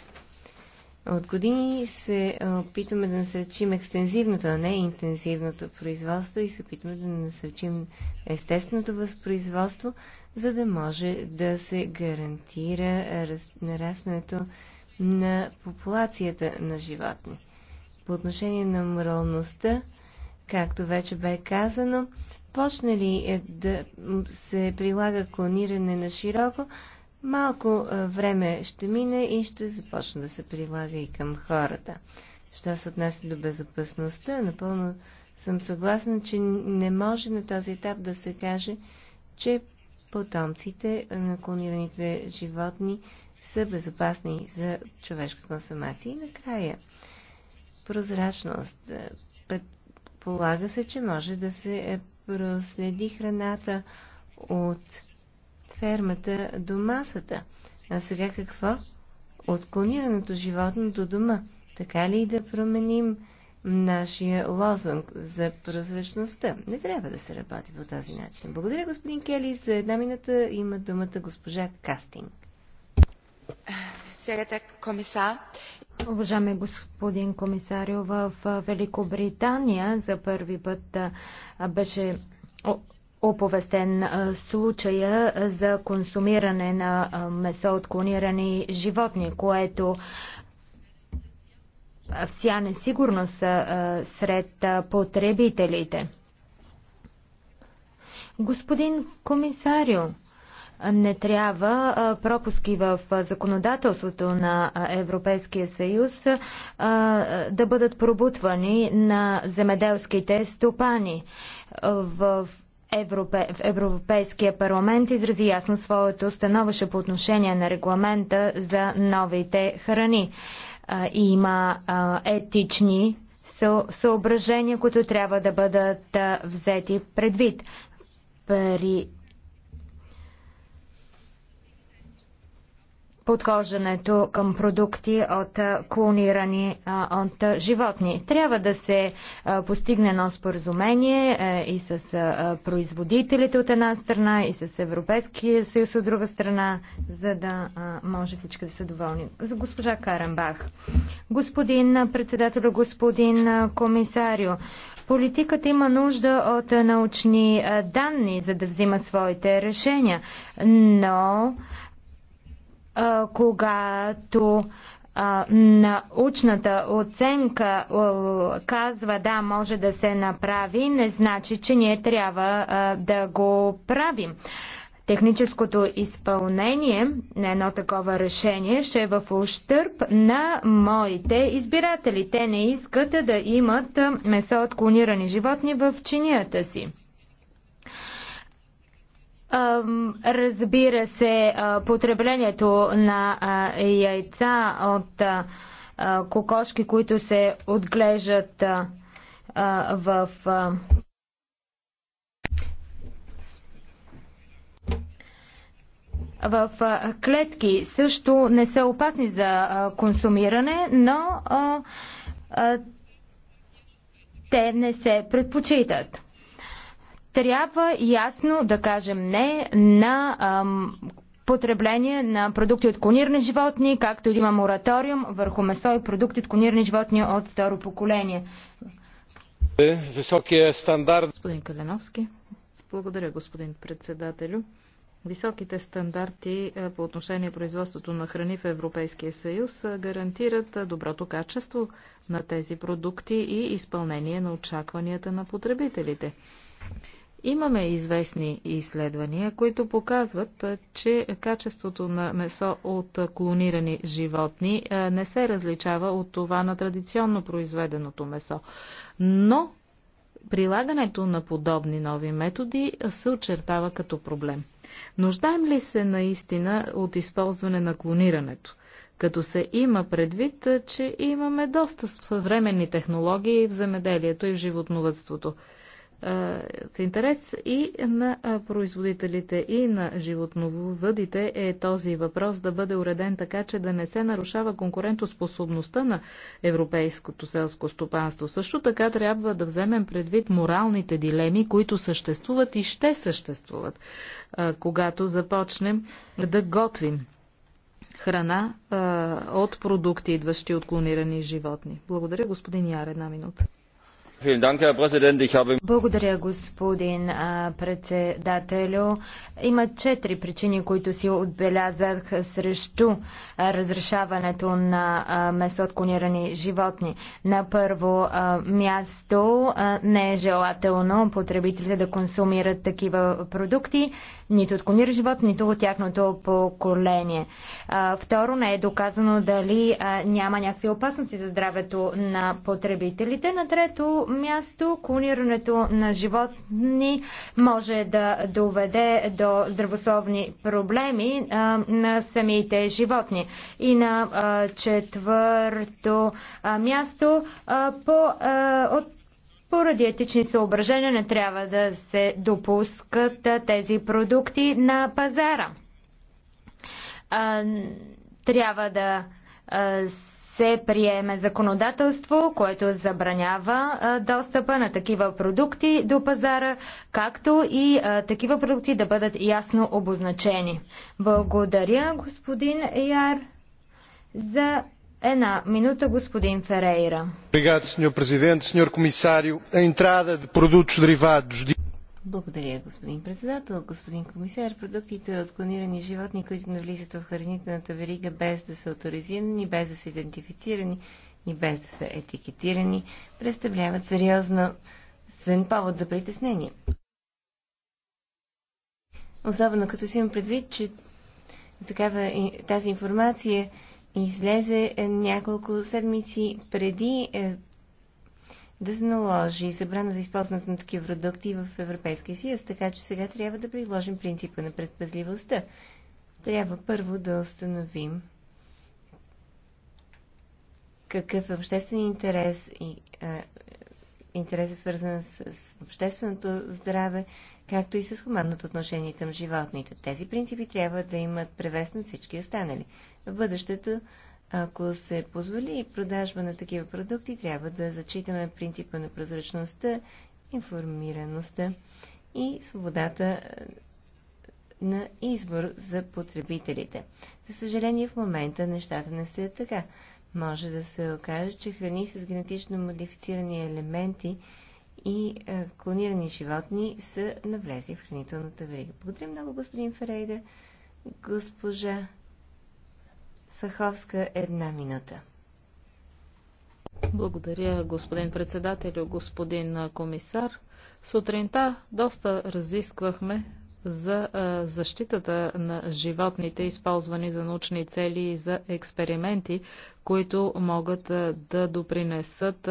От години се опитваме да насречим екстензивното, а не интензивното производство и се опитваме да насречим естественото възпроизводство, за да може да се гарантира нарастването на популацията на животни. По отношение на моралността, както вече бе казано, почнали е да се прилага клониране на широко, Малко време ще мине и ще започне да се прилага и към хората. Що се отнася до безопасността, напълно съм съгласна, че не може на този етап да се каже, че потомците на клонираните животни са безопасни за човешка консумация. И накрая, прозрачност. Предполага се, че може да се е, проследи храната от фермата до масата. А сега какво? От клонираното животно до дома. Така ли и да променим нашия лозунг за прозрачността? Не трябва да се работи по този начин. Благодаря, господин Кели. За една минута има думата госпожа Кастинг. Сегата комисар. Уважаеми господин комисарио, в Великобритания за първи път беше оповестен случая за консумиране на месо от клонирани животни, което вся несигурност сред потребителите. Господин комисарио, не трябва пропуски в законодателството на Европейския съюз да бъдат пробутвани на земеделските стопани. В Европе, в Европейския парламент изрази ясно своето становище по отношение на регламента за новите храни. и има етични съображения, които трябва да бъдат взети предвид. При подхождането към продукти от клонирани от животни. Трябва да се постигне едно споразумение е, и с производителите от една страна и с Европейския съюз от друга страна, за да може всички да са доволни. За госпожа Каренбах. Господин председател, господин комисарио, политиката има нужда от научни данни, за да взима своите решения, но когато научната оценка казва да, може да се направи, не значи, че ние трябва да го правим. Техническото изпълнение на едно такова решение ще е в ущърп на моите избиратели. Те не искат да имат месо от клонирани животни в чинията си. Разбира се, потреблението на яйца от кокошки, които се отглеждат в в клетки също не са опасни за консумиране, но а, а, те не се предпочитат. Трябва ясно да кажем не на ам, потребление на продукти от клонирани животни, както и има мораториум върху месо и продукти от клонирани животни от второ поколение. Е, високия стандарт. Господин Калиновски, благодаря господин председателю. Високите стандарти е, по отношение производството на храни в Европейския съюз е, гарантират доброто качество на тези продукти и изпълнение на очакванията на потребителите. Имаме известни изследвания, които показват, че качеството на месо от клонирани животни не се различава от това на традиционно произведеното месо. Но прилагането на подобни нови методи се очертава като проблем. Нуждаем ли се наистина от използване на клонирането? като се има предвид, че имаме доста съвременни технологии в земеделието и в животновътството. Е, в интерес и на е, производителите и на животновъдите е този въпрос да бъде уреден така, че да не се нарушава конкурентоспособността на европейското селско стопанство. Също така трябва да вземем предвид моралните дилеми, които съществуват и ще съществуват, е, когато започнем да готвим храна от продукти, идващи от клонирани животни. Благодаря, господин Яр, една минута. Благодаря, господин председателю. Има четири причини, които си отбелязах срещу разрешаването на месо от конирани животни. На първо място не е желателно потребителите да консумират такива продукти, нито от конир живот, нито от тяхното поколение. Второ, не е доказано дали няма някакви опасности за здравето на потребителите. На трето място, клонирането на животни може да доведе до здравословни проблеми а, на самите животни. И на а, четвърто а, място по, от поради етични съображения не трябва да се допускат тези продукти на пазара. Трябва да се приеме законодателство, което забранява а, достъпа на такива продукти до пазара, както и а, такива продукти да бъдат ясно обозначени. Благодаря, господин Яр, за една минута, господин Ферейра. Благодаря, senhor presidente, senhor comissário. Благодаря, господин председател. Господин комисар, продуктите от клонирани животни, които навлизат в хранителната верига без да са авторизирани, без да са идентифицирани и без да са етикетирани, представляват сериозно сен повод за притеснение. Особено като си имам предвид, че такава, тази информация излезе е, няколко седмици преди е, да се наложи забрана за използването на такива продукти в Европейския съюз, така че сега трябва да предложим принципа на предпазливостта. Трябва първо да установим какъв е обществен интерес и е, интерес е свързан с, с общественото здраве, както и с хуманното отношение към животните. Тези принципи трябва да имат превес на всички останали. В бъдещето ако се позволи продажба на такива продукти, трябва да зачитаме принципа на прозрачността, информираността и свободата е, на избор за потребителите. За съжаление, в момента нещата не стоят така. Може да се окаже, че храни с генетично модифицирани елементи и е, клонирани животни са навлезли в хранителната верига. Благодаря много, господин Ферейда. Госпожа Саховска, една минута. Благодаря, господин председател, господин комисар. Сутринта доста разисквахме за защитата на животните, използвани за научни цели и за експерименти, които могат да допринесат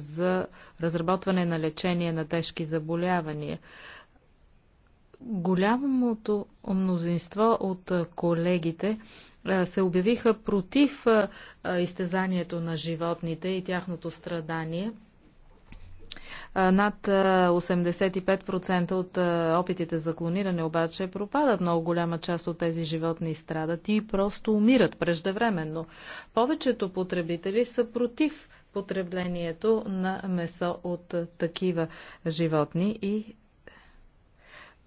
за разработване на лечение на тежки заболявания голямото мнозинство от колегите се обявиха против изтезанието на животните и тяхното страдание. Над 85% от опитите за клониране обаче пропадат. Много голяма част от тези животни страдат и просто умират преждевременно. Повечето потребители са против потреблението на месо от такива животни и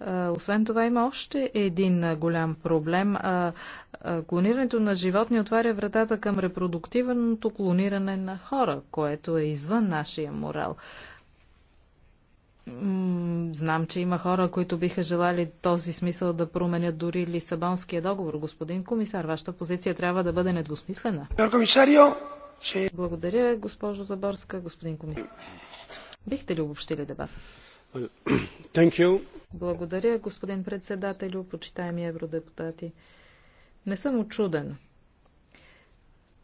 е, освен това има още един е, голям проблем. Е, клонирането на животни отваря вратата към репродуктивното клониране на хора, което е извън нашия морал. Знам, че има хора, които биха желали този смисъл да променят дори Лисабонския договор. Господин комисар, вашата позиция трябва да бъде недвусмислена. Благодаря, госпожо Заборска, господин комисар. Бихте ли обобщили дебат? Благодаря, господин председателю, почитаеми евродепутати. Не съм очуден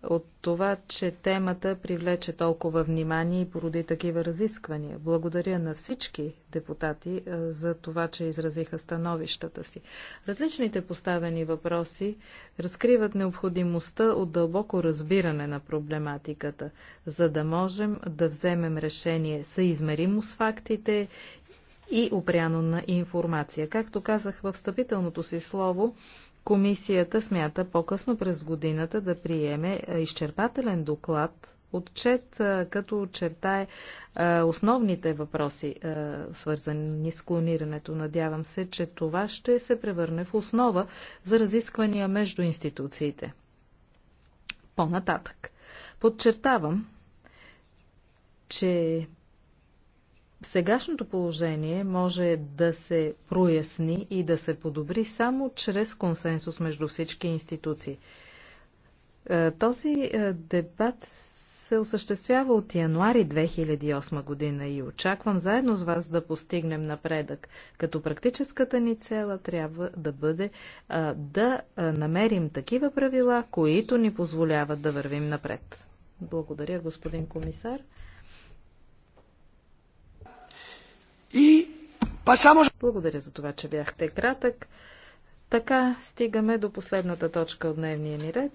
от това, че темата привлече толкова внимание и породи такива разисквания. Благодаря на всички депутати за това, че изразиха становищата си. Различните поставени въпроси разкриват необходимостта от дълбоко разбиране на проблематиката, за да можем да вземем решение съизмеримо с фактите и опряно на информация. Както казах в встъпителното си слово, комисията смята по-късно през годината да приеме изчерпателен доклад отчет, като очертае основните въпроси, свързани с клонирането. Надявам се, че това ще се превърне в основа за разисквания между институциите. По-нататък. Подчертавам, че сегашното положение може да се проясни и да се подобри само чрез консенсус между всички институции. Е, този е, дебат се осъществява от януари 2008 година и очаквам заедно с вас да постигнем напредък, като практическата ни цела трябва да бъде е, да намерим такива правила, които ни позволяват да вървим напред. Благодаря, господин комисар. И пасамо... Благодаря за това, че бяхте кратък. Така стигаме до последната точка от дневния ни ред.